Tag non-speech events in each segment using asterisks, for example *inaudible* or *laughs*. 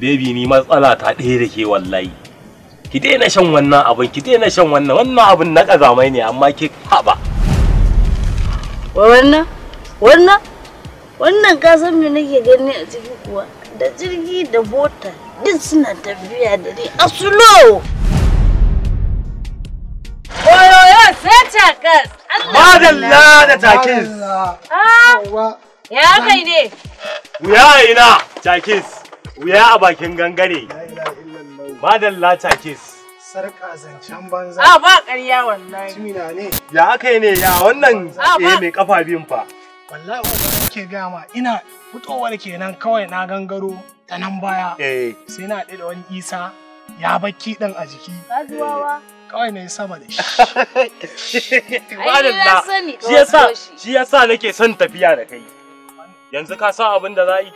baby ni matsala ta ɗaya da ke wallahi ki daina shan wannan abin ki daina shan wannan wannan abin na ƙazamai ne amma ke haɓa wannan wannan wannan kasan me nake gani a ciki kuwa da jirgi da bota duk suna tafiya da ni a slow oyoyo sai takas madalla da takis ah, ya kai ne wuya a ina takis wuya a bakin gangare madalla takis sarƙa zancen banza. A ah, ba ƙarya wallahi. Cimina ne. Ya aka ne ya wannan tsaye ah, eh, mai kafa biyun fa. Wallahi wanda nake gama ina fitowar kenan kawai na gangaro ta nan baya. Eh. Sai na haɗu da wani isa ya bakki ɗin a jiki. Kazuwawa. Kawai na yi sama da shi. *laughs* Ai sani. Shi yasa shi yasa nake son tafiya da kai. Yanzu ka sa abin da za yi.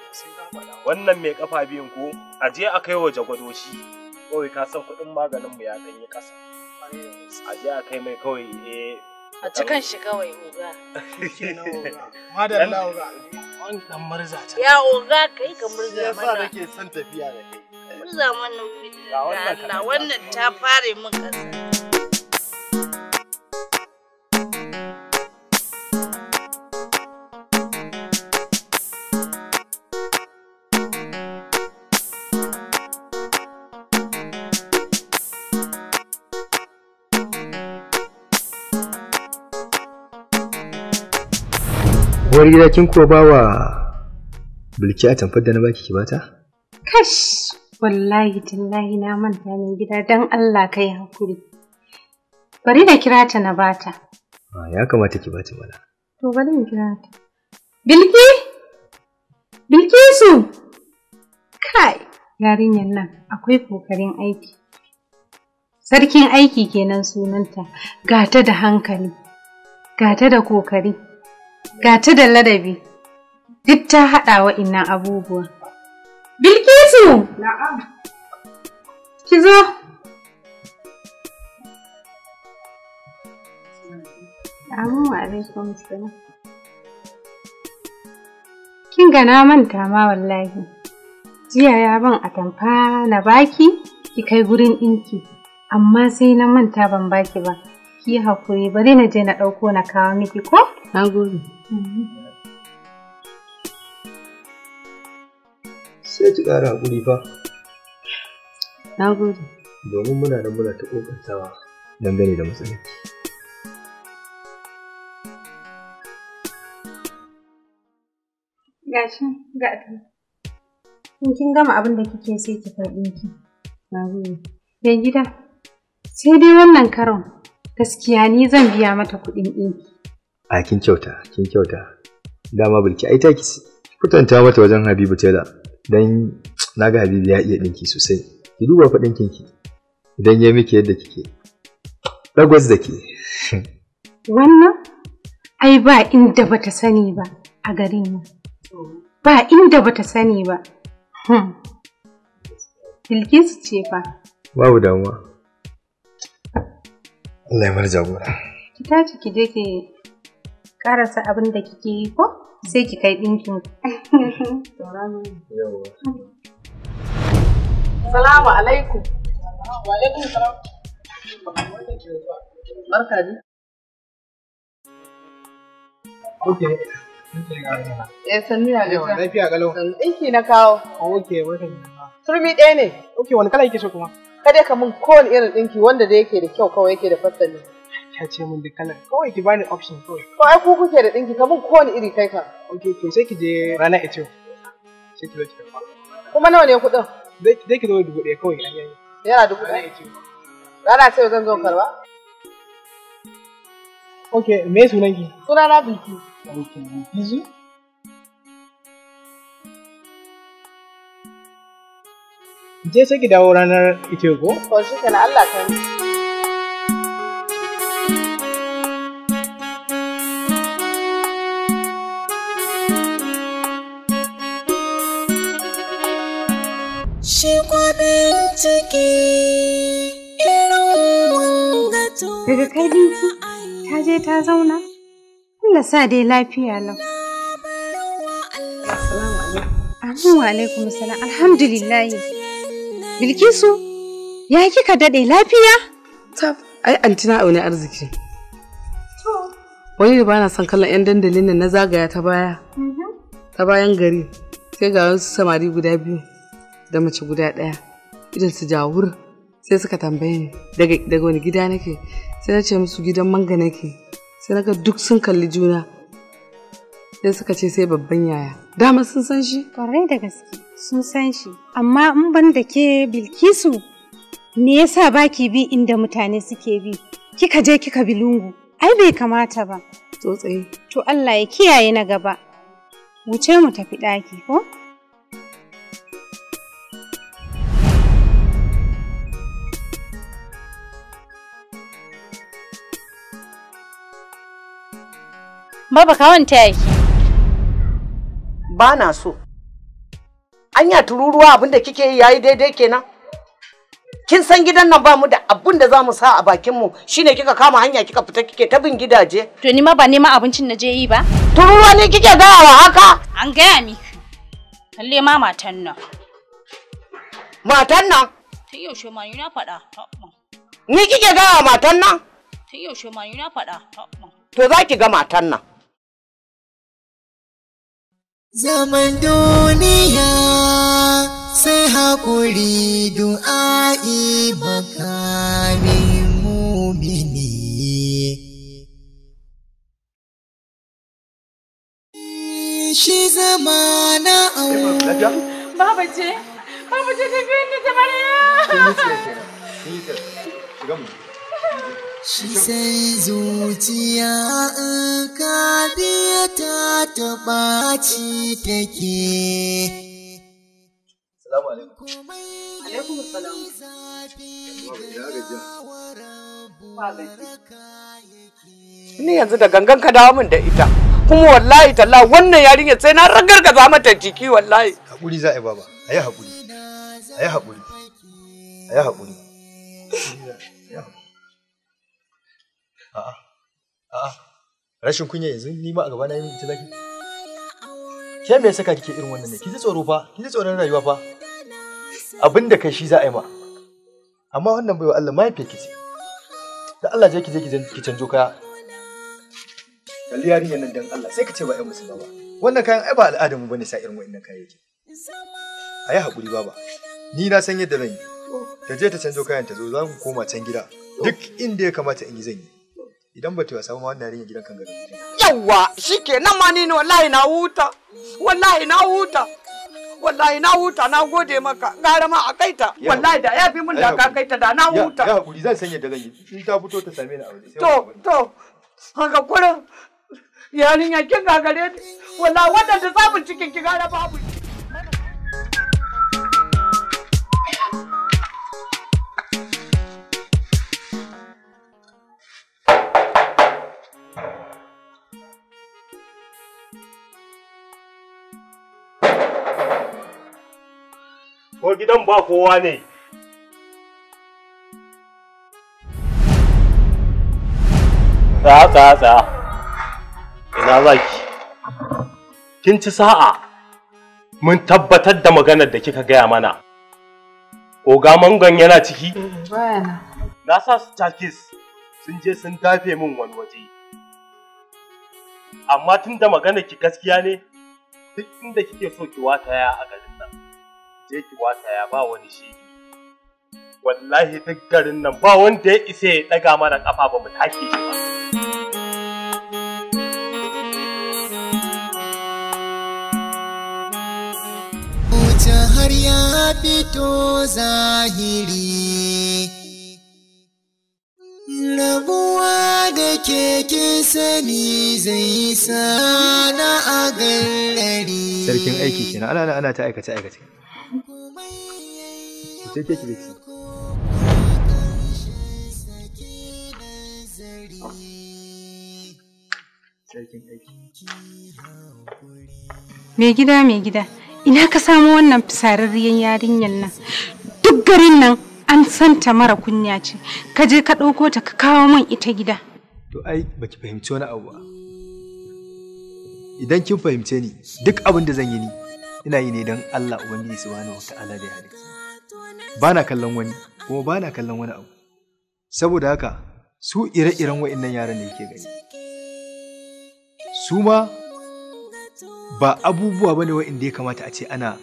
Wannan mai kafa biyun ko a je a kai wa jagwado shi. kawai ka san kuɗin maganin mu ya ɗan yi ƙasa a ji a kai mai kawai eh a cikin shi kawai oga *laughs* madalla oga wani dan murza ta ya oga kai ka murza mana yasa nake son tafiya da kai murza mana ga wannan ta fare mun kasa uwar gida kin ko ba wa bilki a tamfar da na baki kibata? bata? Kash, wallahi tallahi na manta mai gida don Allah kai hakuri. Bari da kira ta na bata. Ya kamata ki bata mana. To bari in kira ta. Bilki? su Kai, yarinyar nan akwai kokarin aiki. Sarkin aiki kenan sunanta, gata da hankali, gata da kokari. Ga da ladabi, duk ta haɗa wa'innan abubuwa. Bilkisu! Na'am. Ki zo. Amin wa alaikum Kin gana na manta ma wallahi. Jiya ya ban a tamfa na baki ki kai gurin inki Amma sai na manta ban baki ba. Ki hakuri bari na je na ɗauko na kawo miki ko? Na gode. sai ki ƙara haƙuri fa na gode domin muna da muna ta ƙoƙartawa dangane da matsalarki gashi ga in kin gama abin da kike sai ki faɗi ki na gode mai gida sai dai wannan karon gaskiya ni zan biya mata kuɗin ɗinki a kin kyauta kin kyauta dama bilki ai Ki kutanta mata wajen habibu tela dan naga habibu ya iya dinki sosai ki duba fa dinkin ki idan ya miki yadda kike dagwas da ke wannan ai ba inda bata sani ba a garin mu, ba inda bata sani ba hmm. bilkisu ce fa babu damuwa Allah ya mara jagora ki tashi ki je ki karasa abin da kike yi ko sai ki kai ɗinkin. Salamu alaikum. Wa salam. Barka ji. Oke. Eh sannu ya ga gajiya. Lafiya galau. Ɗinki na kawo. Oke, barkan Turmi ɗaya ne. Oke, wani kala yake so kuma? Kada ka mun kowane irin ɗinki wanda da yake da kyau kawai yake da fasali. ta ce min duk kalan kawai ki bani option kawai Ko ai ku kuke da dinki ko kowane iri kai ka okay to sai ki je rana ita sai ki zo ki kuma nawa ne kuɗin zai ki zo dubu ɗaya kawai yana dubu ɗaya rana ce zan zo karba okay me sunan ki sunana bilki bilki bizu je sai ki dawo ranar ita ko to shi kana Allah kai ciki Daga kai ta je ta zauna? Allah sa dai lafiya lau. Assalamu alaikum. Amin wa alaikum Alhamdulillah. Bilkisu, ya kika daɗe lafiya? Tab, ai anti na arziki. Wani da bana son kallon 'yan dandalin nan na zagaya ta baya. Mhm. Ta bayan gari. Sai ga wasu samari guda biyu da mace guda ɗaya. irin su jawur sai suka tambaye ni daga daga wani gida nake sai na ce musu gidan manga nake sai naga duk sun kalli juna sai suka ce sai babban yaya dama sun san shi kwarai da gaske sun san shi amma in ban da ke bilkisu me yasa baki bi inda mutane suke bi kika je kika bi lungu ai bai kamata ba tsotsaye to Allah ya kiyaye na gaba wuce mu tafi ɗaki ko Baba ka ta yake. Ba na so. Anya tururuwa abinda kike yi yayi daidai kenan. Kin san gidan nan ba mu da abin da za mu sa a bakin mu shine kika kama hanya kika fita kike ta bin gidaje. To ni ma ba nema abincin na je yi ba. Tururuwa ne kike gaya wa haka? An gaya ni. Lalle ma matan nan. Matan nan? Tun yaushe ma na faɗa. Ni kike gaya wa matan nan? Tun yaushe ma na faɗa. To za ki ga matan nan. Zaman duniya sai haƙuri du'a'i makamin mumini. Shi zama na Baba ce, baba ce ta Shiga mu. shi sai zuciya in ka ta taɓa ci take Ni yanzu da gangan ka dawo min da ita. Kuma wallahi talla wannan yarinyar sai na ragargaza mata jiki wallahi. Hakuri za a yi baba. A yi hakuri. A yi hakuri. A yi hakuri. *laughs* a'a a'a rashin kunya yanzu ni ma a gaba na yi ita zaki ke me ya saka kike irin wannan ne ki ji tsoro fa ki ji tsoron rayuwa fa abinda kai shi za a yi ma amma wannan baiwa Allah mahaifiyar ki ce da Allah je ki je ki canjo kaya kalli yarinyar nan dan Allah sai ka ce ba ai musu ba wannan kayan ai ba al'adar mu bane sa irin wa'annan kayayyaki yi hakuri baba ni na san yadda zan yi ta je ta canjo kayan ta zo za mu koma can gida duk inda ya kamata in yi zan yi idan ba ta samu wannan yarinya gidan kan gari yawa shikenan ma ni ne wallahi na huta wallahi na huta wallahi na huta na gode maka gara ma a kaita wallahi da ya fi mun da ka kaita da na huta ya hakuri zan sanya da zan in ta fito ta same ni a wuri to to haka kurin yarinya kin gagare ni wallahi wadanda za mu cikin ki gara babu gidan ba kowa ne. Tsaya tsaya Ina za ki? Kin ci sa'a. Mun tabbatar da maganar da kika gaya mana. Oga mangon yana ciki? Na sa su takis sun je sun dafe min wani waje. Amma tun da maganar ki gaskiya ne, duk inda kike so ki wataya a gari. je ki wata ya ba wani shi wallahi duk garin nan ba wanda ya isa ya daga mana kafa ba mu take shi ba har ya fito zahiri rabuwa da keke sani zai sana a gallari sarkin aiki kenan ana ana ta aikace aikace sai gida mai gida, ina ka samo wannan fisararriyar yarinyar nan. Duk garin nan an santa mara kunya ce, ka je ka ɗauko ta ka kawo min ita gida. To ai baki fahimci wani abu ba. Idan kin fahimce ni, duk abin da zan yi ni, ina yi ne don Allah Ubangiji Subhanahu wa ta'ala da ya halitta. ba na kallon wani kuma ba na kallon wani abu saboda haka su ire-iren wa'innan yaran da yake gani su ma ba abubuwa ba ne wa'inda ya kamata a ce ana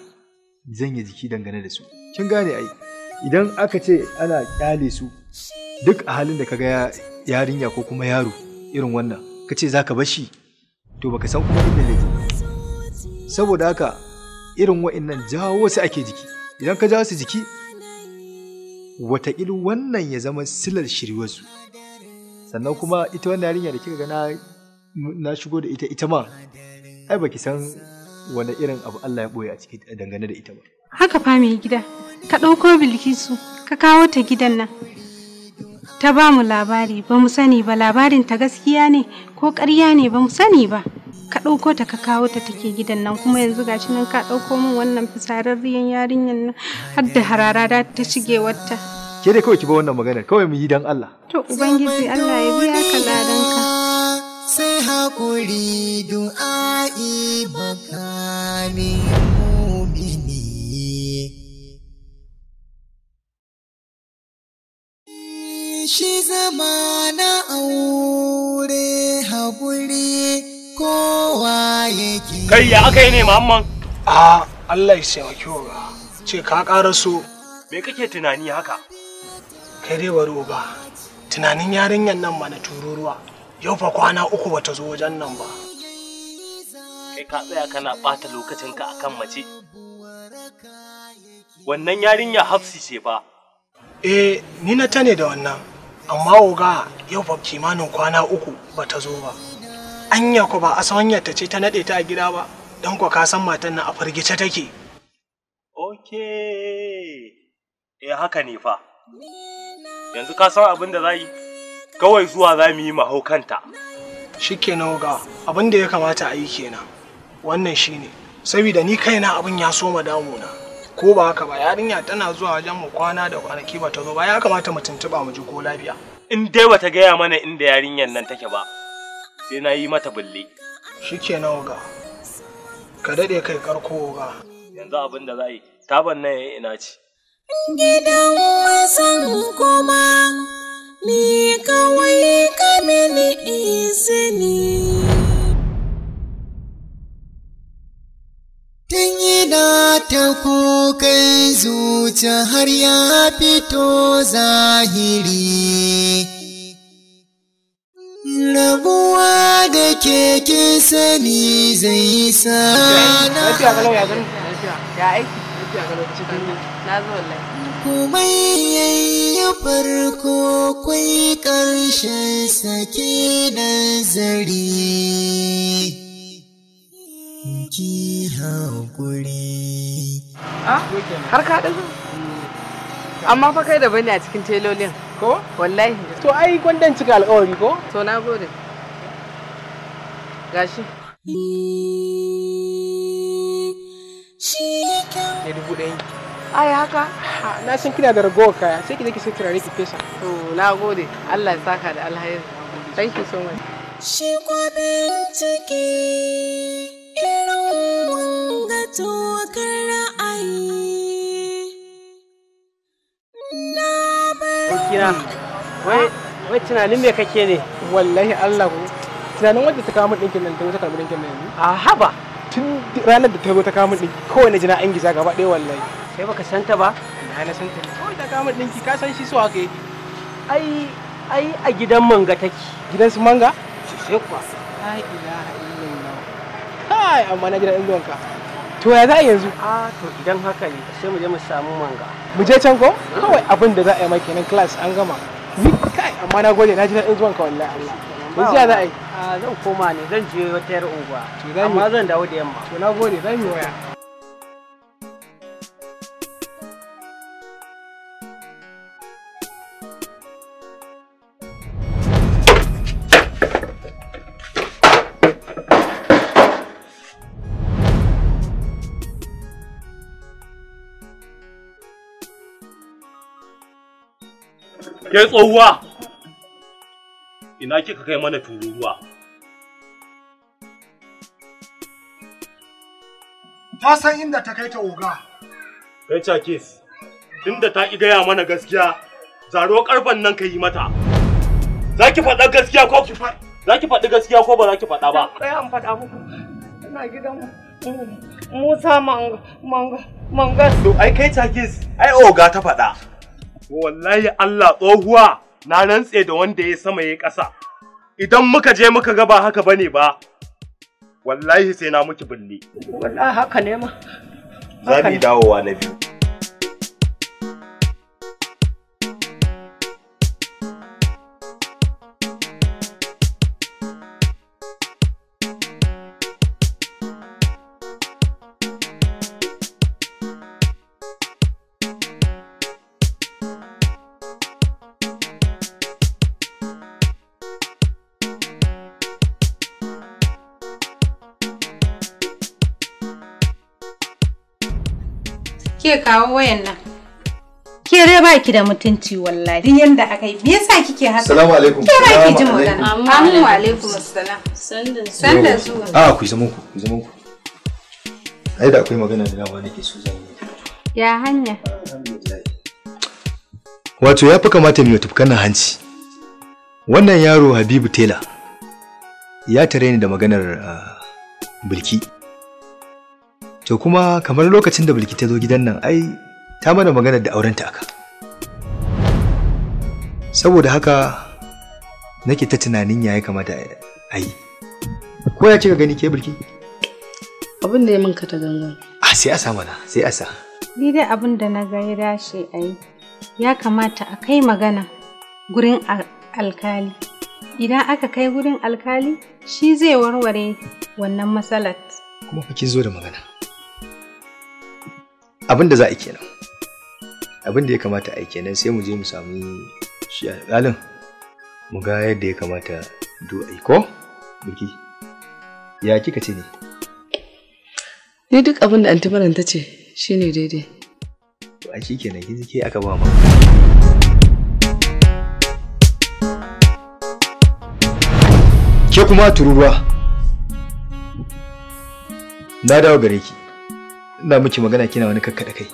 zanya jiki dangane da su kin gane ai idan aka ce ana kyale su duk a halin da ka ga yarinya ko kuma yaro irin wannan ka ce za ka bashi to baka san kuma inda ne saboda haka irin wa'innan jawo su ake jiki idan ka jawo su jiki wataƙila wannan ya zama silar shirwarsu sannan kuma ita wannan yarinya da kika gana na shigo da ita ita ma ai baki san wani irin abu Allah ya ɓoye a ciki dangane da ita ba haka fa mai gida ka ɗauko bilkisu ka kawo ta gidan nan ta ba mu labari ba mu sani ba labarin ta gaskiya ne ko ƙarya ne ba mu sani ba ka ɗauko ta ka kawo ta take gidan nan kuma yanzu gashi nan ka ɗauko min wannan fisararriyan yarinyar nan har da harara da ta shige wata. Ke dai kawai ki ba wannan maganar kawai mu yi dan Allah. To Ubangiji Allah ya biya ka ladanka. Sai haƙuri du'a'i bakani. Shi zama na aure. kai ya aka yi ne mamman a Allah ya taimake wa ce ka ƙara so me kake tunani haka kai dai bari uba tunanin yarinyar nan ma na tururuwa yau fa kwana uku bata zo wajen nan ba kai ka tsaya kana ɓata lokacinka akan mace wannan yarinya hafsi ce ba. eh ni na tane da wannan amma oga yau fa kimanin kwana uku bata zo ba anya ku ba a sawanyar ta ce ta naɗe ta a gida ba don ku ka san matan nan a firgice take ok eh haka ne fa yanzu ka san abin da za yi kawai zuwa za mu yi mahaukanta shikenan ga abin da ya kamata a yi kenan wannan shine saboda ni kaina abin ya soma damuna ko ba haka ba yarinya tana zuwa wajen mu kwana da kwanaki ba ta zo ba ya kamata mu tuntuba mu ji ko lafiya in dai bata gaya mana inda yarinyar nan take ba sai na yi mata bulle na oga ka dade kai karko oga yanzu abin da za yi taban nan yayi ina ce gidan wasan kuma ni kawai ka mini izini tun ta zuciya har ya fito zahiri rabuwa da ke sani zai sa na kuma yayi farko kwai ƙarshen sake nazari ki haƙuri ah, har ka ɗaga amma fa kai da bane a cikin telolin ko wallahi to ai gwandan cika alƙawari ko to na gode gashi ne dubu ɗaya ai haka na san kina da ragowar kaya sai ki je ki sai turare ki fesa to na gode Allah ya saka da alheri thank you so much shi kwaɗin ciki irin mun ga tokar ra'ayi abokina wai wai tunanin me kake ne wallahi Allah ku tunanin wanda ta kawo dinkin nan ta zo kawo dinkin nan a haba tun ranar da ta zo ta kawo dinki kowane jina an gisa gaba ɗaya wallahi sai baka santa ba na na santa kawai ta kawo dinki ka san shi su haka yake ai ai a gidan manga take gidan su manga sai kuwa ila ha illallah kai amma na gidan ɗan ka to ya za a yanzu a to idan haka ne sai mu je mu samu manga mu je can ko kawai abin da za a yi maki nan class an gama ni kai amma na gode na ji daɗin zuwan ka wallahi Allah yanzu ya za a yi zan koma ne zan je wata yar unguwa amma zan dawo da yamma to na gode zan yi waya Ke tsohuwa! Ina kika kai mana tururuwa? Ta san inda ta kai ta oga. Kai kis, tunda ta ki gaya mana gaskiya, zaro karfan nan ka yi mata. Za ki faɗa gaskiya ko ki faɗa? Za ki faɗi gaskiya ko ba za ki faɗa ba? Kai an faɗa muku. Ina gidan Musa manga manga manga. To ai kai Chakis, ai oga ta faɗa. wallahi Allah tsohuwa na rantse da wanda ya sama ya ƙasa idan muka je muka ga ba haka bane ba wallahi sai na muki binne wallahi haka ne ma za mu dawowa na biyu Ke kawo wayan nan. Ke dai ba ki da mutunci wallahi. Din yanda aka yi. Me yasa kike haka? Assalamu alaikum. Ke ba ki ji magana. Amma alaikum assalam. Sanda sandan zuwa. A ah, ku zaman ku, ku zaman ku. Ai da akwai magana da dama nake so zan yi. Ya hanya. Wato ya fi kamata mu kana hanci. Wannan yaro Habibu Tela ya tare ni da maganar ah, Bilki. To kuma kamar lokacin da Bilki ta zo gidan nan ai ta mana magana da aurenta aka. Saboda haka nake ta tunanin ya ya kamata a yi. Ko ya ce ka gani ke Bilki? Abin da ya min ta gangan. Ah sai a sa mana, sai a sa. Ni dai abin da na ga ya dace a yi. Ya kamata a kai magana gurin alkali. Idan aka kai gurin alkali, shi zai warware wannan matsalar. Kuma fa kin zo da magana. abin da za a kenan abin da ya kamata a kenan sai mu je mu sami shi alƙalin mu ga yadda ya kamata do a ko biki ya kika ce ne ni duk abin da antibaran ta ce shine daidai to a shi kenan kin ke aka ba ma ke kuma tururuwa na dawo gare ki ina miki magana kina wani kakkaɗa kai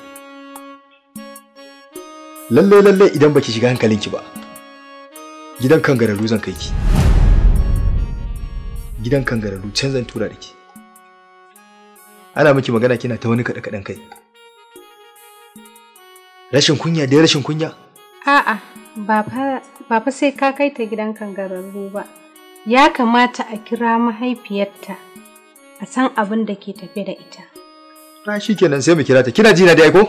lallai lallai idan baki shiga hankalinki ba gidan kan gararru zan kai ki gidan kan gararru can zan tura da ki ana miki magana kina ta wani kaɗe kaɗen kai rashin kunya dai rashin kunya a'a ba fa sai ka kai ta gidan kan gararru ba ya kamata a kira mahaifiyarta a san abin da ke tafe da ita Ah, shi kenan sai mu kira ta kina ji na dai ko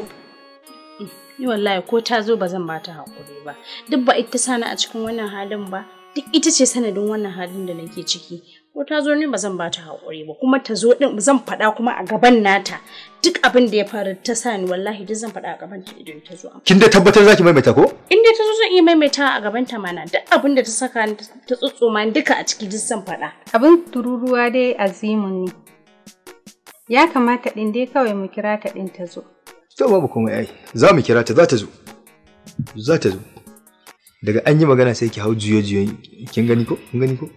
ni wallahi ko ta zo ba zan bata hakuri ba duk ba ita sana a cikin wannan halin ba duk ita ce sanadin wannan halin da nake ciki ko ta zo ni ba zan hakuri ba kuma ta zo din zan faɗa kuma a gaban nata duk abin da ya faru ta sani wallahi duk zan faɗa a gaban ta idan ta zo kin dai tabbatar zaki maimaita ko in dai ta zo zan iya maimaita a gaban ta mana duk abin da ta saka ta tsotsoma duka a ciki duk zan faɗa abin tururuwa dai azimun ne Ya kamata ɗin dai kawai mu kira ta ɗin ta zo. To babu komai ai, za mu kira ta za ta zo. Za ta zo. Daga an yi magana sai ki hau juyo-juyo kin gani ko? Kin gani ko?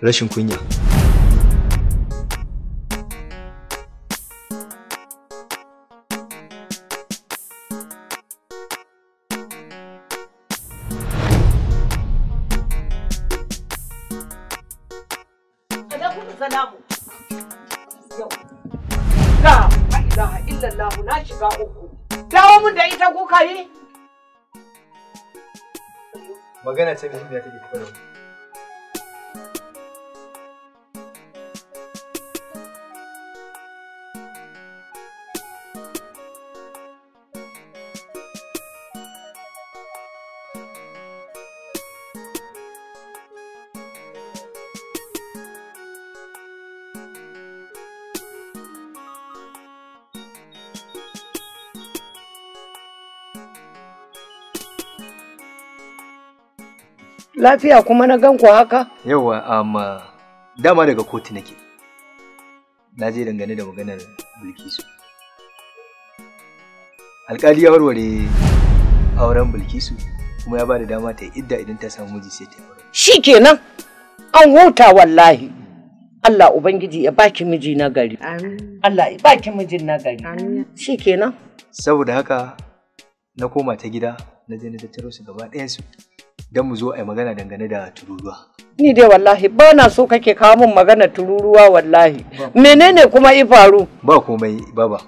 Rashin kunya. magana ce muhimmiya take tafiya Lafiya kuma na gan ku haka? Yawa, amma um, dama daga kotu nake. Na je dangane da maganar Bilkisu. Alƙali ya warware auren Bilkisu kuma ya ba da dama ta idda idan ta samu miji sai ta yi aure. Shi kenan an huta wallahi. Allah Ubangiji ya baki miji na gari. Allah ya baki mijin na gari. Shi kenan. Saboda haka na koma ta gida na je na tattaro su gaba ɗayansu don mu zo a yi magana dangane da tururuwa. Ni dai wallahi ba na so kake kawo min magana tururuwa wallahi. Menene kuma i faru? Ba komai baba.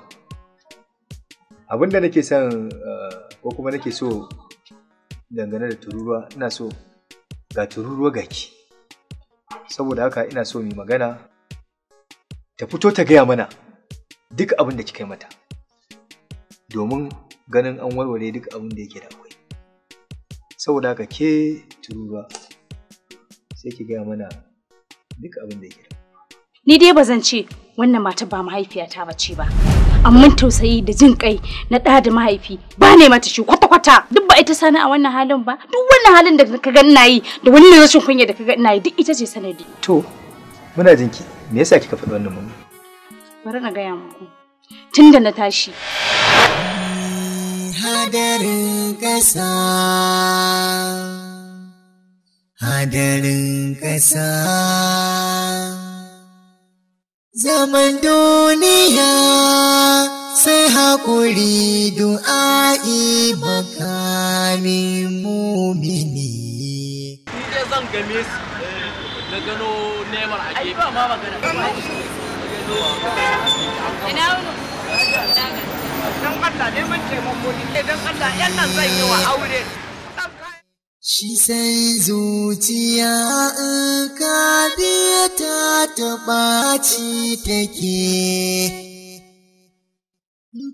Abin da nake son eh, ko kuma nake so dangane da tururuwa ina so ga tururuwa gaki. Saboda haka ina so mai magana ta fito ta gaya mana duk abin da kika yi mata. Domin ganin an warware duk abin da yake da saboda haka ke turuwa sai ki gaya mana duk abin da yake ni dai ba zan ce wannan mata ba mahaifiyata ba ce ba amma tausayi da jin kai na ɗa da mahaifi ba ne mata shi kwata-kwata duk ba ita sani a wannan halin ba duk wannan halin da ka ga ina yi da wannan rashin kunya da ka ga ina yi duk ita ce sanadi to muna jinki me yasa kika faɗi wannan mun bari na gaya muku tunda na tashi hadarin ƙasa hadarin ƙasa zaman duniya sai haƙuri du'a'i baka mumini zan game su eh, da gano a gefe. Ina wuni? don Allah neman taimako nike don Allah yan nan zan yi wa aure Shi sai zuciya in ka biya ta taɓa ci take.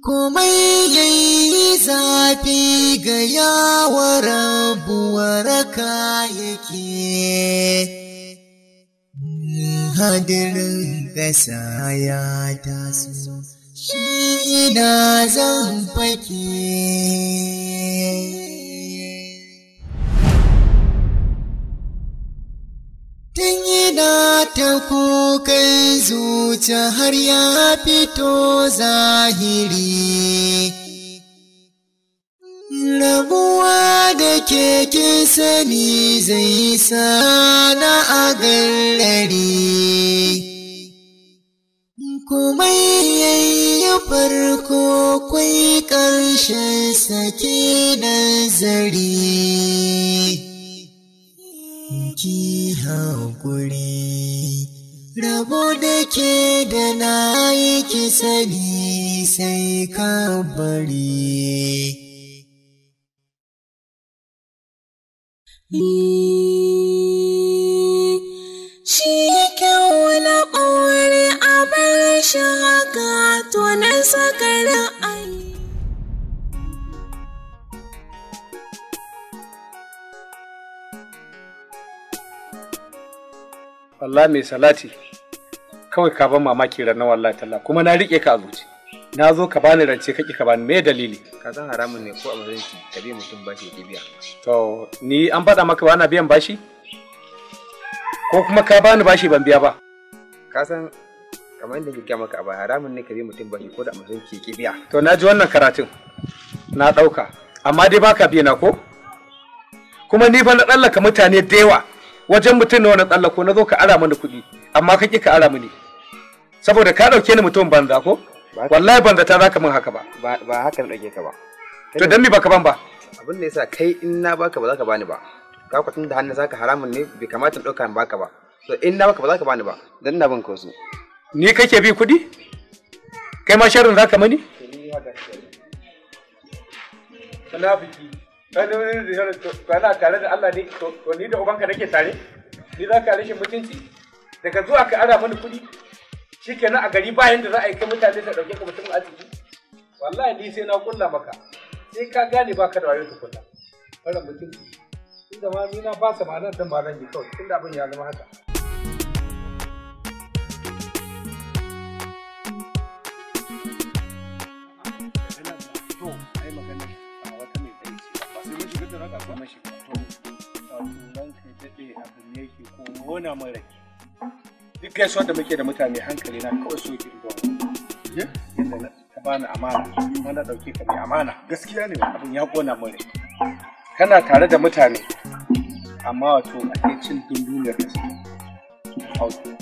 Komai yayi zafi ga yawar waraka yake, hadirin gasa ya taso. shi ina zan fake. Tun yana ta kukan zuciya har ya fito zahiri. Rabuwa da keke sani zai sana a gallari. Komai yayi farko kwai ƙarshen sake nazari. Ki haƙuri, rabo da ke da na yi ki sani sai ka bari. Allah mai salati kawai ka ban mamaki ranar wallahi talla kuma na riƙe ka a zuci na zo ka bani rance kake ka bani me dalili ka san haramun ne ko a mazan ki ka bi mutum bashi ya biya to ni an faɗa maka ba na biyan bashi ko kuma ka bani bashi ban biya ba ka san kamar yadda kike maka a baya haramun ne ka bi mutum bashi ko da ke ke biya to na ji wannan karatun na ɗauka amma dai baka biya na ko kuma ni fa na tsallaka mutane da yawa wajen mutum na wani tsallako na zo ka ara mana kuɗi amma ka ƙi ka ara mini saboda ka ɗauke ni mutum banza ko wallahi banza ta zaka min haka ba ba haka na ɗauke ka ba to dan me baka ban ba abin da yasa kai in na baka ba za ka bani ba ka kwatin da hannu zaka haramun ne bai kamata in ɗauka in baka ba to in na baka ba za ka bani ba dan na bin ka wasu Ni kake bi kuɗi? Kai ma sharrin za ka mani? Allah ni da ubanka nake tare? Ni za Daga zuwa ka ara mani a gari bayan da za a yi kai mutane da ɗauke ka mutum sai na kulla maka, sai ka gane ba ka da wayo tukunna. mutunci. ma ni na nan dan ba zan yi kawai, tunda abin ya zama haka. daɗe ne yake ko nuna duk da muke da mutane hankali na kawai so yadda na ta bani amana kuma na ɗauke ka mai amana gaskiya ne abin ya ƙona kana tare da mutane amma wato a ke cin dunduniyar ka sai hausa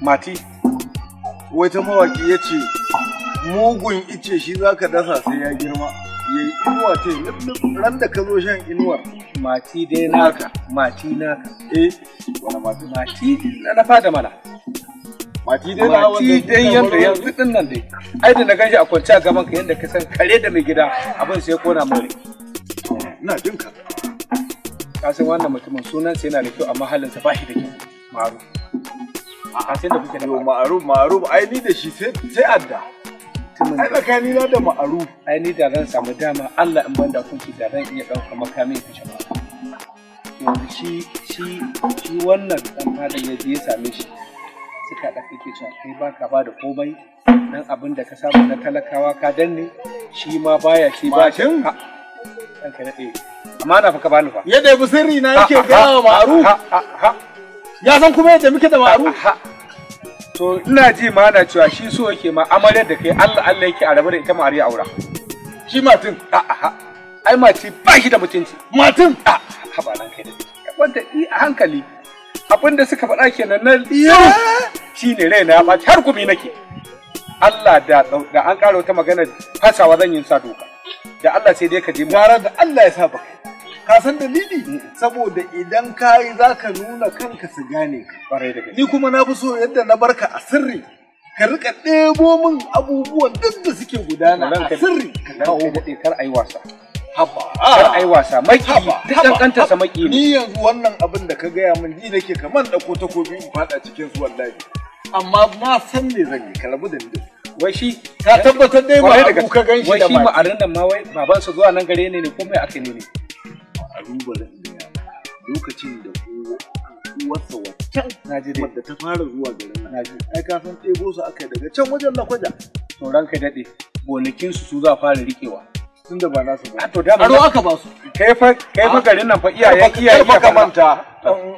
mati wata mawaƙi ya ce mugun ice shi za ka dasa sai ya girma ya yi inuwa ta yi ran da ka zo shan inuwa. mati dai naka mati na eh wani mati mati na nafa da mana mati dai na mati dai yanda yanzu din nan dai ai da na ganshi a kwanciya gaban ka yanda ka san kare da mai gida abin sai kona mai na jin ka ka san wannan mutumin sunan sai yana da kyau amma halin sa ba shi da kyau ma'ruf a san da kuke da ma'ruf ma'ruf ai ni da shi sai adda mutumin da. Ai tsakani na da ma'aru. Ai ni da ran samu dama Allah in banda kunki da ran iya ɗaukar makamin kashe ba. Yanzu shi shi shi wannan dan fadan ya je same shi. Suka ɗa kake cewa kai ba ka ba da komai dan abin da ka samu na talakawa ka danne shi ma baya shi ba shi. Ɗanka na ɗaya. Amma na fa ka bani fa. Yadda ya bi sirri na yake gaya wa ma'aru. Ya san kuma yadda muke da ma'aru. to ina ji ma na cewa shi so yake ma amaryar da kai Allah Allah yake a rabu da ita mariya aura shi matin ha ai mace ba shi da mutunci matin a ba nan kai da wanda i a hankali abin da suka faɗa kenan na yau shine raina ya ɓaci har gumi nake Allah da da an ƙara wata magana fasawa zan yi sa doka da Allah sai dai ka je mu da Allah ya sa baka ka san dalili mm. saboda idan ka yi za ka nuna kanka su gane ni kuma na fi so yadda na barka a sirri ka rika ɗebo min abubuwan duk da suke gudana a sirri ka kawo kar a yi wasa haba kar ai wasa maki duk dan kanta sa maki ni yanzu wannan abin da ka gaya min ni nake kaman da ko takobi in fada cikin su wallahi amma na san me zan yi kalabu da ni wai shi ka tabbatar dai ba ku ka ganshi da ma wai shi ma'arin nan ma wai baban su zuwa nan gare ne ne ko mai aka ne ne kalubalen da ya lokacin da uwarsa waccan Najeriya wadda ta fara zuwa garin Najeriya ai ka san ɗebo su aka daga can wajen Lakwaja to ranka daɗe gonakin su su za fara rikewa tunda ba nasu ba to da aro aka ba su kai fa kai fa garin nan fa iyaye iyaye ka manta mm, mm,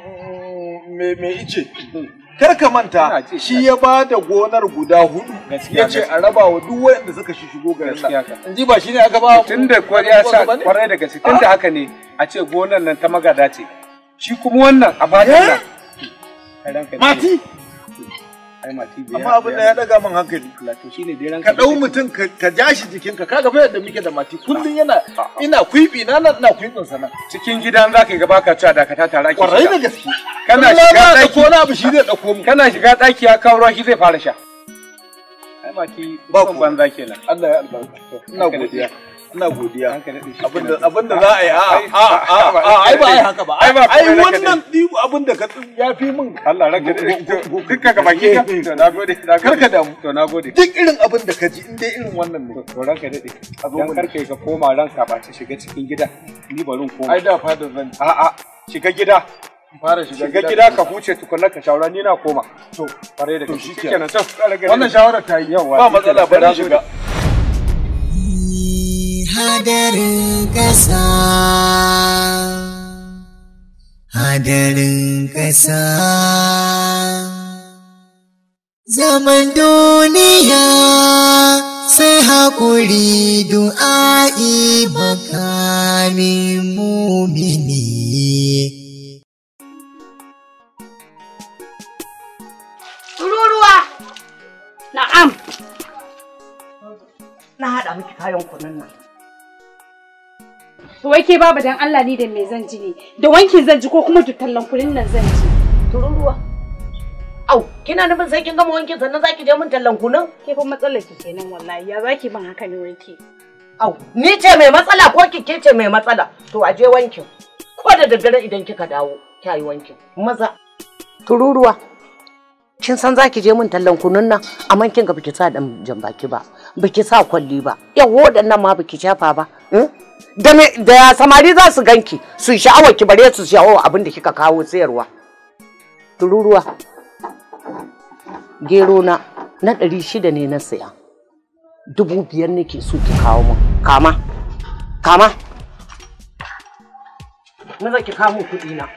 mm, me me ice *laughs* kar ka manta shi ya ba da gonar guda hudu ya ce a raba wa duk wanda suka shi shigo garin nan in ji ba shine aka ba tun da ya sa kwarai da gaske tun da haka ne a ce gonar nan ta magada ce shi kuma wannan a ba da eh? mati amma abin da ya daga min hankali ka ɗau mutum ka ja shi jikinka kaga yadda muke da mati kullun yana ina kuibi na na ina sana cikin gidan cewa dakata tara ki kwarai kana shiga ɗaki. kana shiga ɗaki ya kawo zai fara sha ai ba ku Allah ya albarka ina godiya ina godiya abinda abinda za a yi a a a ai ba ai haka ba ai wannan dibu abinda ka ya fi min Allah raka kuka ga baki eh, eh. to na gode na karka da to na gode duk irin abinda ka ji in dai irin wannan ne to ranka dade dan karka ka koma ranka ba ta shiga cikin gida ni barin koma ai da fadar zan a a shiga gida fara shiga gida ka huce tukunna ka shawara ni na koma to fare da shi kenan wannan shawara ta yi yawa ba matsala da shiga hadarin ƙasa hadarin ƙasa zaman duniya sai haƙuri du'a'i bakamin mumini Na'am. Na haɗa miki kayan kunun nan. To wai ke baba dan Allah ni da me zan ji ne? Da wanki zan ji ko kuma tutallan kulin nan zan ji? Tururuwa. Au, kina nufin sai kin gama wankin sannan zaki je mun tallan kunin? Ke fa matsalar ki kenan wallahi. Ya zaki ban haka ne wanki? Au, ni ce mai matsala ko ke ce mai matsala? To a je wankin. Ko da daddare idan kika dawo, kya yi wankin. Maza. Tururuwa. Kin san zaki je mun tallan kunun nan, amma kin ga biki sa dan jambaki ba, biki sa kwalli ba. Yawo nan ma biki shafa ba. Hmm? da samari za su ganki su yi sha'awar ki bare su sha'awar oh, abin da kika kawo sayarwa tururuwa gero na na ɗari shida ne na saya dubu biyar nake so ki kawo mu kama kama maza ki kawo min kuɗi na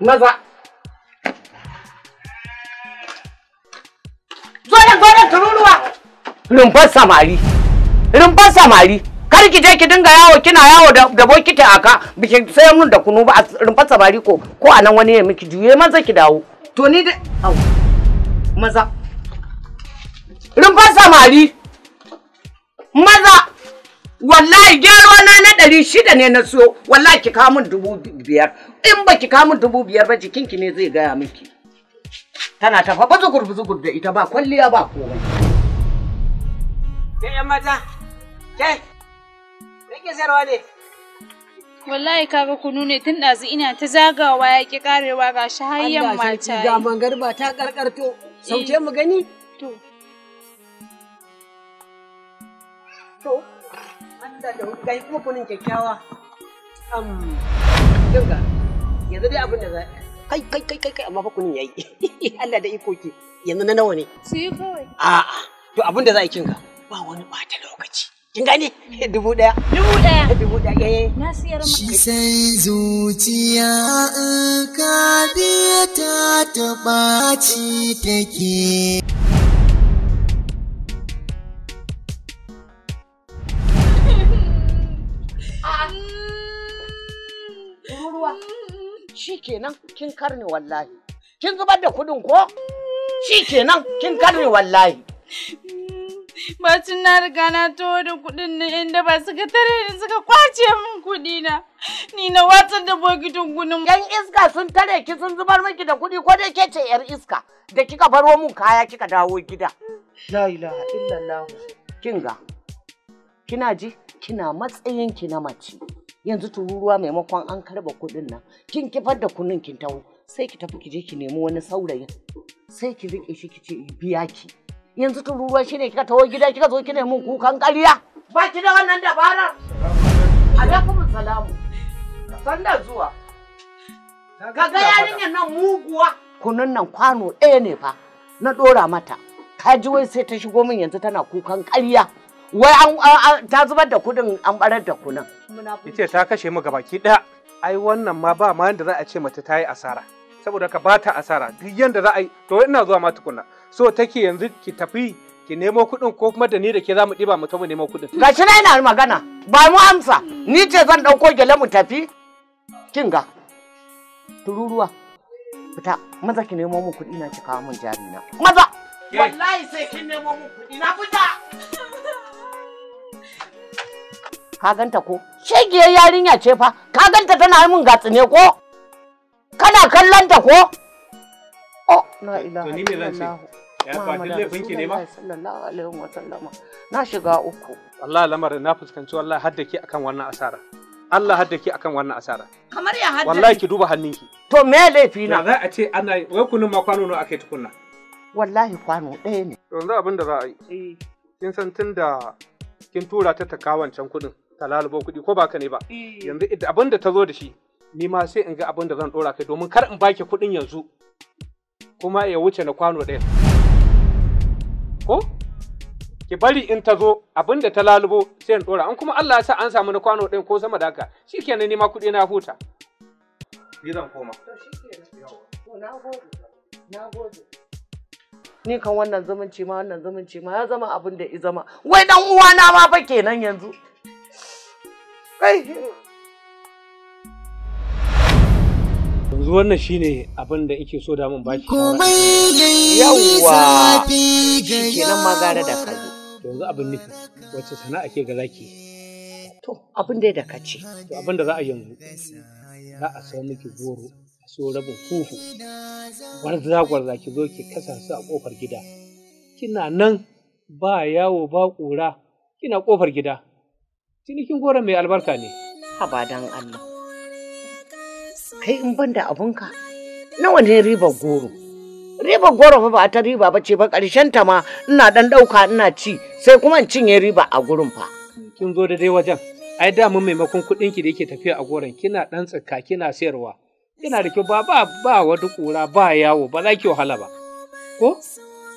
maza zo da gwanin tururuwa rumfar samari rumfar samari kar ki je ki dinga yawo kina yawo da bokiti aka bikin sai mun da kunu ba a rumfa sabari ko ko anan wani ya miki juye maza ki dawo to ni da au maza rumfa samari maza wallahi gero na na ɗari shida ne na siyo wallahi ki kawo min dubu biyar in ba ki kawo min dubu biyar ba jikinki ne zai gaya miki tana tafa ba zugur zugur da ita ba kwalliya ba komai ke maza, mata ke kike sayarwa ne? Wallahi kaga kunu ne tun ɗazu ina ta zagawa ya ƙi ƙarewa ga shi har Allah ta Ga mangarba ta ƙarƙarto. Sauke eh. mu gani? To. To. Anda da ga kuma kunun kyakkyawa. Am. Kinga. Yanzu dai abin da za kai kai kai kai kai amma fa kunun yayi. *laughs* Allah da iko ke. Yanzu na nawa ne? Sai kawai. A'a. To abin da za a yi kinga. Ba wani ɓata lokaci. kin gani mm. dubu daya dubu daya dubu daya na siyar maka shi sai zuciya ka biya ta taba ci take ah. mm. ruwa shi kenan kin karni wallahi kin zubar da kudin ko mm. shi kenan kin karni wallahi *laughs* bacin na riga na taho da kuɗin na yan su suka tare ni suka kwace min kuɗi na ni na watsar da bokitin gunin yan iska sun tare ki sun zubar miki da kuɗi ko dai ke ce yar iska da kika barwo mun kaya kika dawo gida la ilaha illallah kin kina ji kina matsayin ki na mace yanzu tururuwa maimakon an karba kuɗin nan kin kifar da kunun kin taho sai ki tafi ki je ki nemi wani saurayin sai ki riƙe shi ki ce biya ki yanzu tun tururuwa shine kika tawo gida kika zo kina mun kukan ƙarya ba ki da wannan dabarar alaikum salamu sanda zuwa ga yarinyar nan muguwa kunun nan kwano ɗaya ne fa na ɗora mata ka ji wai sai ta shigo min yanzu tana kukan ƙarya wai an ta zubar da kudin an barar da kunan ita ta kashe mu gabaki ɗaya ai wannan ma ba ma yanda za a ce mace ta yi asara saboda ka ba ta asara duk yanda za a yi to ina zuwa ma tukunna so take yanzu ki tafi ki nemo kuɗin ko kuma da ni da ke za mu ɗiba mu tafi nemo kuɗin. Ga shi na ina magana ba mu amsa ni ce zan ɗauko gele mu tafi kin ga tururuwa fita maza ki nemo mu kuɗi na ki kawo mun jari na maza. Wallahi sai kin nemo mu kuɗi na fita. Ka ganta ko? Shegiyar yarinya ce fa, ka ganta tana mun gatsine ko? Kana kallon ta ko? la ilaha illallah ya fatin laifin wa sallama na shiga uku Allah lamarin na fuskanci wallahi hadda ki akan wannan asara Allah hadda ki akan wannan asara kamar ya hadda wallahi ki duba hannunki to me laifi na za a ce ana wai kunun ma kwano nawa akai tukunna wallahi kwano ɗaya ne yanzu abin da za a yi eh. kin san tun da kin tura ta ta kawancan kuɗin ta lalubo kuɗi ko baka ne ba eh. yanzu abin da ta zo da shi ni ma sai in ga abin da zan ɗora kai domin kar in baki kuɗin yanzu kuma ya wuce na kwano ɗaya. Ko? Ki bari in ta zo abin da ta lalubo sai in ɗora, an kuma Allah ya sa an samu na kwano ɗaya ko sama da haka, shi kenan nima kuɗi na huta. Ni zan koma. Ni kan wannan zumunci ma wannan zumunci ma ya zama abin da ya zama. Wai dan uwana ma fa kenan yanzu. Kai yanzu wannan shine abin da yake so da mun ba shi komai yayi kenan ma gane da ka yanzu abin nufi wacce sana'a ke ga zaki to abin da ya daka ce to abin da za a yanzu za a sayo miki goro a so rabin fufu gwarza gwarza ki zo ki kasa su a kofar gida kina nan ba yawo ba ƙura kina kofar gida cinikin goro mai albarka ne dan Allah kai in ban da abunka nawa ne ribar goro ribar goro fa ba ta riba ba ce ba ƙarshen ta ma ina dan ɗauka ina ci sai kuma in cinye riba a gurin fa kin zo da dai wajen ai da mun maimakon kuɗin ki da yake tafiya a goron kina dan tsaka kina sayarwa kina da kyau ba ba ba wata ƙura ba yawo ba za ki wahala ba ko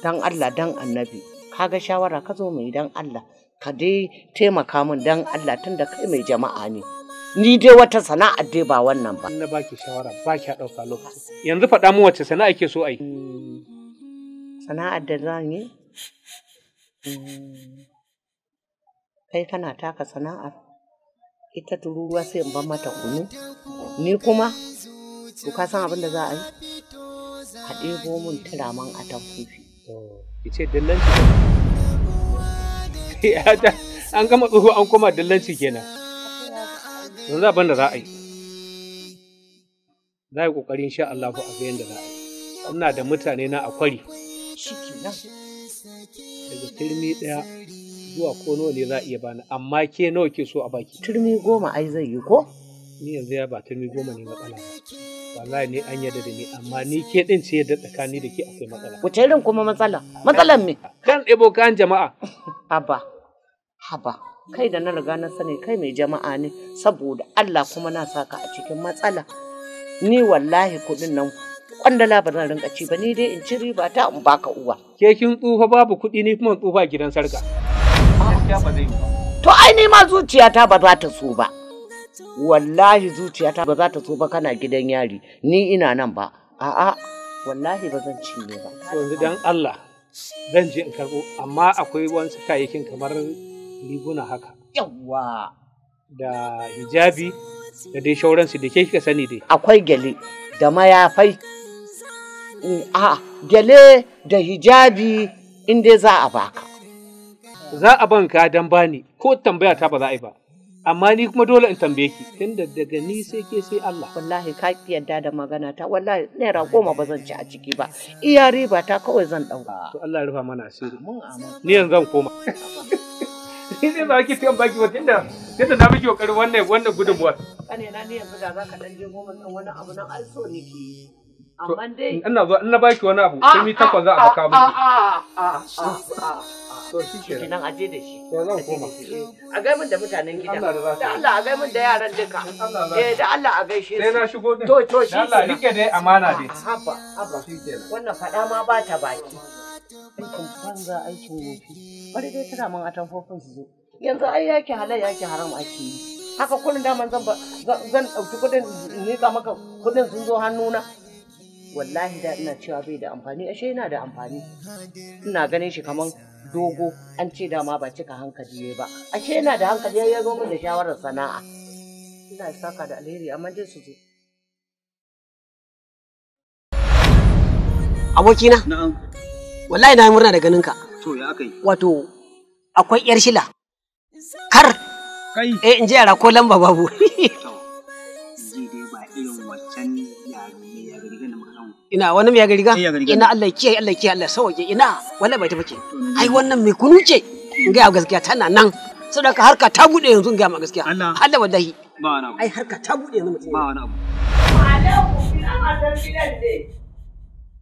dan Allah dan annabi kaga shawara ka zo mai dan Allah ka dai taimaka min dan Allah tunda kai mai jama'a ne ni dai wata sana'a dai ba wannan ba. Na baki shawara ba ki ɗauka lokaci. Yanzu faɗa mu wace sana'a ke so a yi. Hmm, sana'ar da zan yi? Hmm, kai kana taka sana'ar? Ita tururuwa sai in ban mata kunu? Ni kuma? To ka san abin da za a yi? A ɗebo mun turaman a tafufi. Ice dillanci. *laughs* An gama tsoho an koma dillanci kenan. yanzu abin da za a yi za a yi ƙoƙarin sha Allah a ga da za a yi ina da mutane na a kwari daga turmi ɗaya zuwa ko nawa ne za a iya bani amma ke nawa ke so a baki turmi goma ai zai yi ko ni yanzu ya ba turmi goma ne matsala ba wallahi ne an yarda da ni amma ni ke din ce yadda tsakani da ke akwai matsala wuce irin kuma matsala matsalan me kan ɗebo kan jama'a *laughs* haba haba kai da na riga na sani kai mai jama'a ne saboda Allah kuma na saka a cikin matsala ni wallahi kuɗin nan kwandala ba zan rinka ci ba ni dai in ci riba ta in baka uwa ke kin tsufa babu kuɗi ni kuma tsufa gidan sarka to ai ni ma zuciyata ba za ta so ba wallahi zuciyata ba za ta so ba kana gidan yari ni ina nan ba a'a wallahi ba zan ci ne ba yanzu dan Allah zan je in karbo amma akwai wani kayayyakin kamar riguna haka yawwa da hijabi da dai shauransu da ke kika sani dai akwai gyale da mayafai a gyale da hijabi in dai za a baka za a banka don bani ko tambaya ta ba za a yi ba amma ni kuma dole in tambaye ki tunda daga ni sai ke sai Allah wallahi ka yadda da magana ta wallahi naira goma ba zan ci a ciki ba iya riba ta kawai zan dauka to Allah ya rufa mana asiri ni yanzu zan koma *laughs* Ni ne ba ki tiyan baki ba tunda tunda na miki kokarin wannan wannan gudunmuwar. Kane na ni yanzu da za ka dan je goma dan wani abu nan an so niki. Amma dai ina zo ina baki wani abu sai mi takwas za a baka miki. Ah, ah, ah, to shi ke nan aje da shi. Ya zan koma. A ga min da mutanen gida. Da Allah a ga min da yaran duka. Eh da Allah a gaishe su. Sai na shigo din. To to shi. Allah rike dai amana dai. Haba haba. Wannan fada ma ba ta baki. aikin banza aikin wofi bari dai tana man atamfofin su zo yanzu ai yake halal yake haram ake yi haka kullum daman zan zan ɗauki kuɗin nika maka kudin sun zo hannuna wallahi da ina cewa bai da amfani ashe yana da amfani ina ganin shi kaman dogo an ce dama ba cika hankali ne ba ashe yana da hankali ya zo min da shawarar sana'a ina saka da alheri amma dai su je abokina na'am wallahi na yi murna da ganin ka to ya kai wato akwai yar shila kar kai eh in ji yara ko lamba babu *laughs* ina wani mai gariga ina Allah kiyaye Allah kiyaye Allah sauke ina wallahi bai tafi ke ai wannan mai kunu ce in ga gaskiya tana nan saboda harka ta bude yanzu in ga ma gaskiya Allah wallahi ba wani abu ai harka ta bude yanzu mutum ba wani abu alaikum ina ma dan gidan ne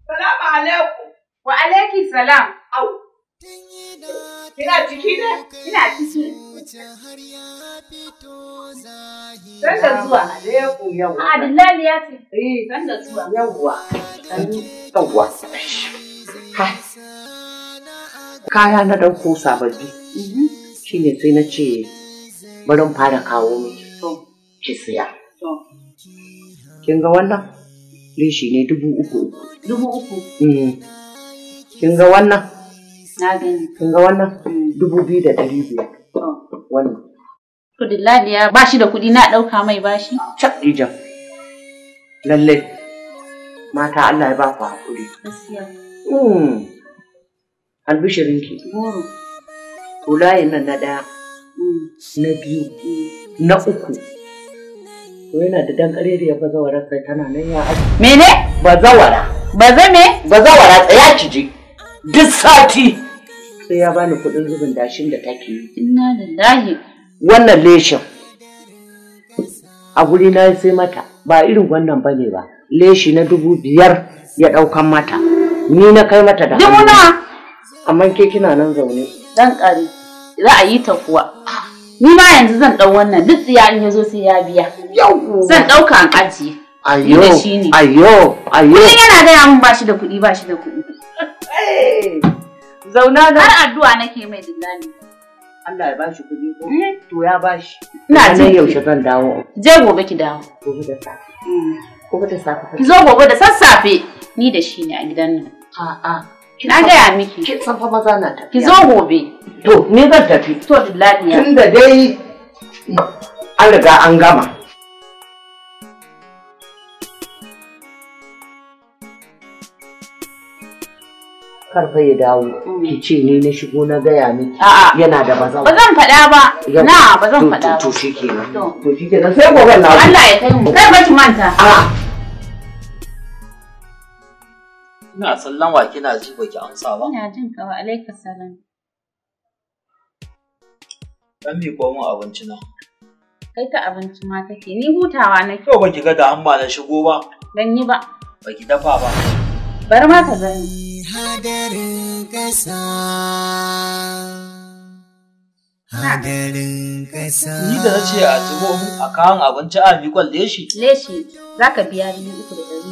salamu alaikum Wa alaiki salam. Au. Kina ciki ne? Ina ciki. San da zuwa. yau yawwa. A dillali ya ce. Eh, san da zuwa. Yawwa. Yawwa. Kaya na ɗauko sababbi. Mhm. Shi ne sai na ce barin fara kawo miki. Ki siya. Kin ga wannan? Leshi ne dubu uku. Dubu uku? Mm. kin ga wannan na gani kin ga wannan hmm. dubu biyu da dari biyar wannan to dillali ya bashi da kuɗi na ɗauka mai bashi cak ijan lalle mata Allah ya ba ku haƙuri gaskiya hmm. albishirinki goro layin nan na ɗaya hmm. na biyu na uku to yana da dan ƙarere ya bazawara sai tana nan ya mene bazawara baza me bazawara tsaya ki je duk sati sai ya bani kuɗin zubin dashin da take yi. Inna lillahi. Wannan leshin a guri na sai mata ba irin wannan bane ba leshi na dubu biyar ya ɗaukan mata ni na kai mata da hannu. Amma ke kina nan zaune. Dan ƙari za a yi ta kuwa. Ni ma yanzu zan ɗau wannan duk tsiya in ya sai ya biya. Zan ɗauka an ajiye. Ayo, ayo, ayo. Kuɗin yana gaya min bashi da kuɗi bashi da kuɗi. Zauna na. Har addu'a nake mai dillani. Allah ya bashi kuɗi ko? Hmm? To ya bashi. Ina jin yaushe zan dawo. Je gobe ki dawo. Gobe da safe. Gobe da safe. Ki zo gobe da sassafe ni da shi ne a gidan nan. A'a. Na gaya miki. Ki san fa maza na tafiya. Ki zo gobe. To ni zan tafi. To billahi ya. Tunda dai an riga an gama. karfa ya dawo mm. ki ce ni na shigo na gaya miki yana da bazan ba zan faɗa ba na ba zan faɗa to shikenan to nan sai gobe na Allah ya kai mu kai ba ki manta a ina sallan wa kina ji ba ki amsa ba ina jin ka wa alaikum salam dan mi ko mu abinci na kai ka abinci ma take ni hutawa na kyau ba ki ga da an ba na shigo ba dan yi ba ba ki dafa ba bar ma ka gani hadarin ƙasa. Hadarin ƙasa. Ni da na ce a tsiro a kawon abinci a miƙon leshi. Leshi za ka biya biyu uku da ɗari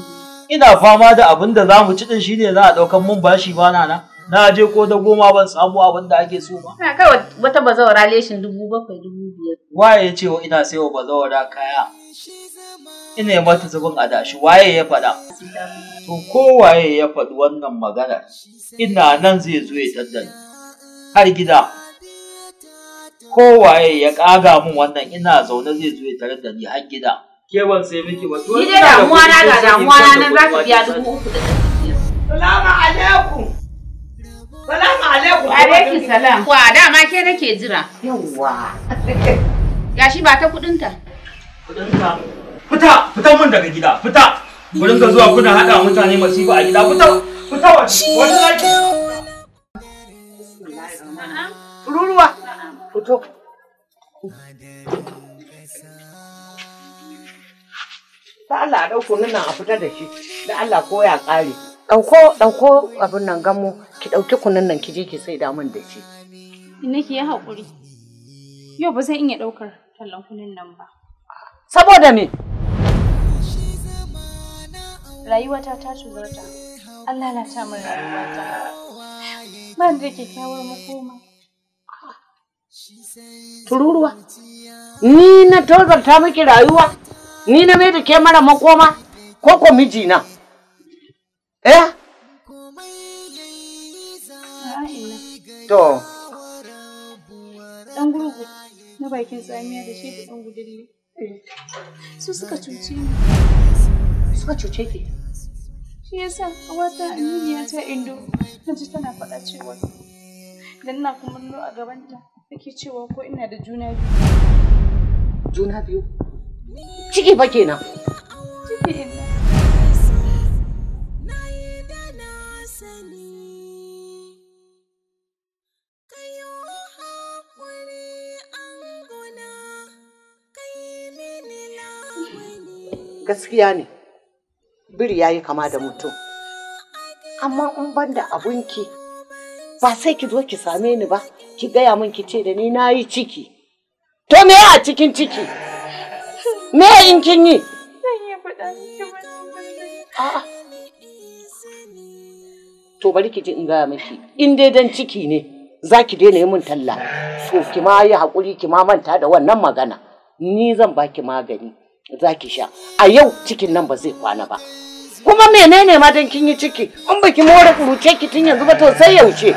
Ina fama da abin da za mu ci ɗin shine za a ɗaukan mun bashi ba na na. Na je ko da goma ban samu abin da ake so ba. Na kai wata bazawara leshin dubu bakwai dubu biyar. Waye ya ce wa ina wa bazawara kaya. ina ya mata zagon adashi waye ya faɗa to ko waye ya faɗi wannan maganar ina nan zai zo ya daddani har gida ko waye ya ƙaga min wannan ina zaune zai zo ya tare da ni har gida ke ban sai miki ba to ina damuwa na ga damuwa na nan za ka biya dubu uku da salamu alaikum salamu alaikum alaikum salam wa dama ke nake jira yawwa gashi ba ta kudinta kudinta fita fita mun daga gida fita ku rinka zuwa kuna hada mutane masifa a gida fita fita waje wani laki ruruwa fito da Allah a ɗauko nan a fita da shi da Allah ko ya ƙare ɗauko ɗauko abin nan gamo ki ɗauki kunun nan ki je ki sai da min da shi ina ki yi haƙuri yau ba zan iya ɗaukar tallan kunun nan ba saboda me rayuwata ta tuzurta an lalata min rayuwata ba da kyakkyawar makoma tururuwa ni na tozarta miki rayuwa ni na mai da ke mara makoma ko ko mijina eh to dan gurgu na bakin tsamiya da shi da dan gudulli su suka cuci ni suka cuce ki shi yasa wata annabiya ta indo na ji tana faɗa cewa da ina kumallo a gabanta take cewa ko ina da juna biyu juna biyu ciki ba kenan ciki ina gaskiya ne biri ya yi kama da mutum amma in ban da abinki ba sai ki zo ki same ni ba ki gaya min ki ce da ni na yi ciki to me a cikin ciki me in kin yi to bari ki ji in gaya miki in dai dan ciki ne za ki daina yi min talla so ki ma yi haƙuri ki ma manta da wannan magana ni zan baki magani za ki sha a yau cikin nan ba zai kwana ba kuma menene ma dan kin yi ciki in baki more kuruce ki tun yanzu ba to sai yaushe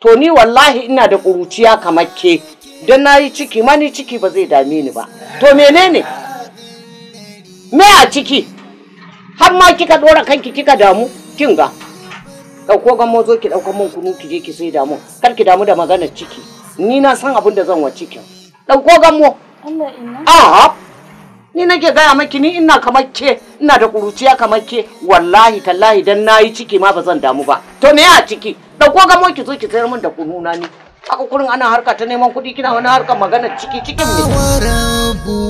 to ni wallahi ina da kuruciya kamar ke don nayi ciki ma ni ciki ba zai dame ni ba to menene me a ciki har ma kika dora kanki kika damu kin ga dauko gammo zo ki dauko min kunu ki je ki sai damu kar ki damu da maganar ciki ni na san abin da zan wa cikin dauko gammo Allah ina ni nake gaya maki ni ina kamar ke ina da kuruciya kamar ke wallahi tallahi dan nayi ciki ma ba zan damu ba to ne a ciki ko ga ki zo ki sayar min da kununa ni haka kurin ana harka ta neman kuɗi kina wani harka magana ciki cikin ne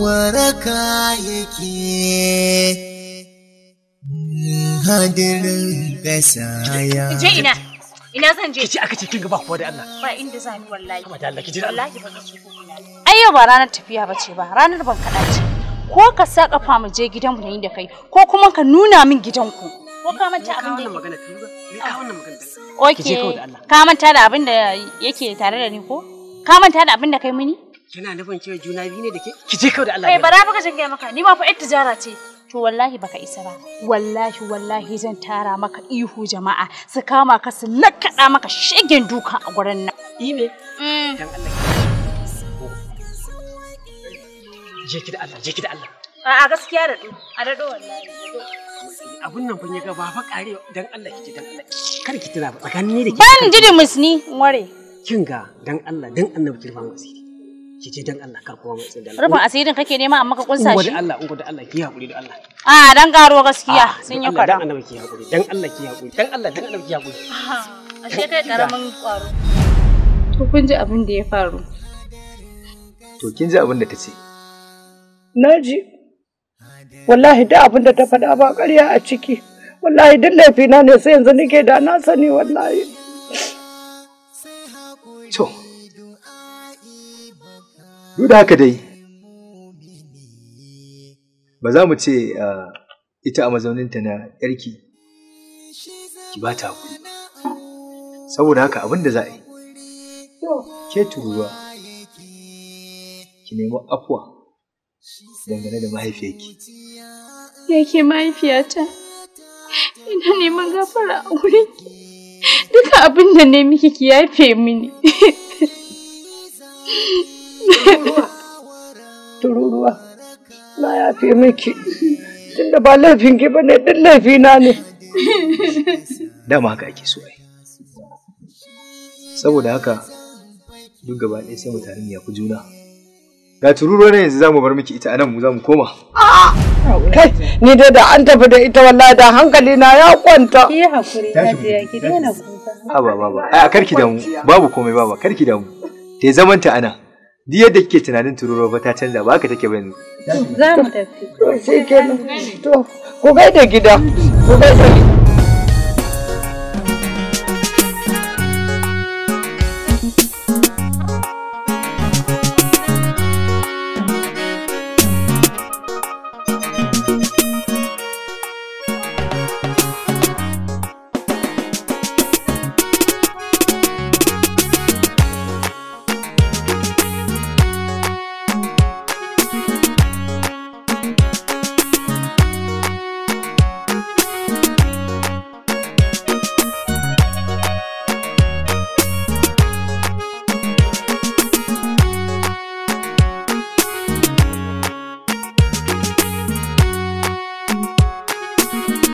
waraka yake hadirin gasaya je ina ina zan je kici aka ce kin ga ba kuwa da Allah ba inda za ni wallahi kuma da Allah kici da Allah wallahi ba kici ko ba ranar tafiya bace ba ranar ban kada ce ko ka sa fa mu je gidanmu da ni da kai ko kuma ka nuna min gidanku ko ka manta abin da magana ta ba ka ah. wannan magana ka manta da abin da yake tare da ni ko ka manta da abin da kai mini kina nufin cewa juna biyu ne da ke ki je kawai da Allah kai eh, bara baka jinga maka ni ma fa yar tijara ce to wallahi baka isa ba wallahi wallahi zan tara maka ihu jama'a su kama ka su nakaɗa maka shegen duka a gurin nan ime mm. dan Allah je ki da Allah je ki da Allah a'a gaskiya da a rado wallahi abun nan kun ya ga ba kare dan Allah kike dan Allah kar ki tuna ba tsakanin ni da ki ban ji da musni ware kin ga dan Allah dan annabi ki rufa mu ki je dan Allah kar kowa mu asiri dan rufa asirin kake nema amma ka kunsa shi Allah in da Allah ki hakuri da Allah a dan garo gaskiya sun yi kada dan annabi ki hakuri dan Allah ki hakuri dan Allah dan annabi ki hakuri a ashe kai karamin kwaro to kun ji abin da ya faru to kin ji abin da ta ce naji wallahi duk abin da ta faɗa ba ƙarya a ciki wallahi duk laifina ne sai yanzu nake da na sani wallahi to duk da haka dai ba za mu ce ah, ita a mazauninta na yarki ki ba ta ku saboda haka abin da za a yi ke turuwa ki nemi afuwa dangane da mahaifiyarki. Yake mahaifiyata, ina neman gafara a wurinki. Duka abin da ne miki ki yafe mini. Tururuwa, na yafe miki. Tunda ba laifin ki bane din laifina ne. Dama haka ake so ai. Saboda haka duk gaba ɗaya sai mutanen ya fi juna. Ga tururuwa ne yanzu zamu bar miki ita anan mu zamu koma. Kai ni dai da an tafi da ita wallahi da hankali na ya kwanta. Ki hakuri Hajiya ki daina kuka. Haba baba ai a karki da mu babu komai baba karki da mu. Te zaman ta anan. Di yadda kike tunanin tururuwa ba ta canza ba haka take ba yanzu. Za mu tafi. Sai kenan. To ku gaida gida. Ku gaida gida.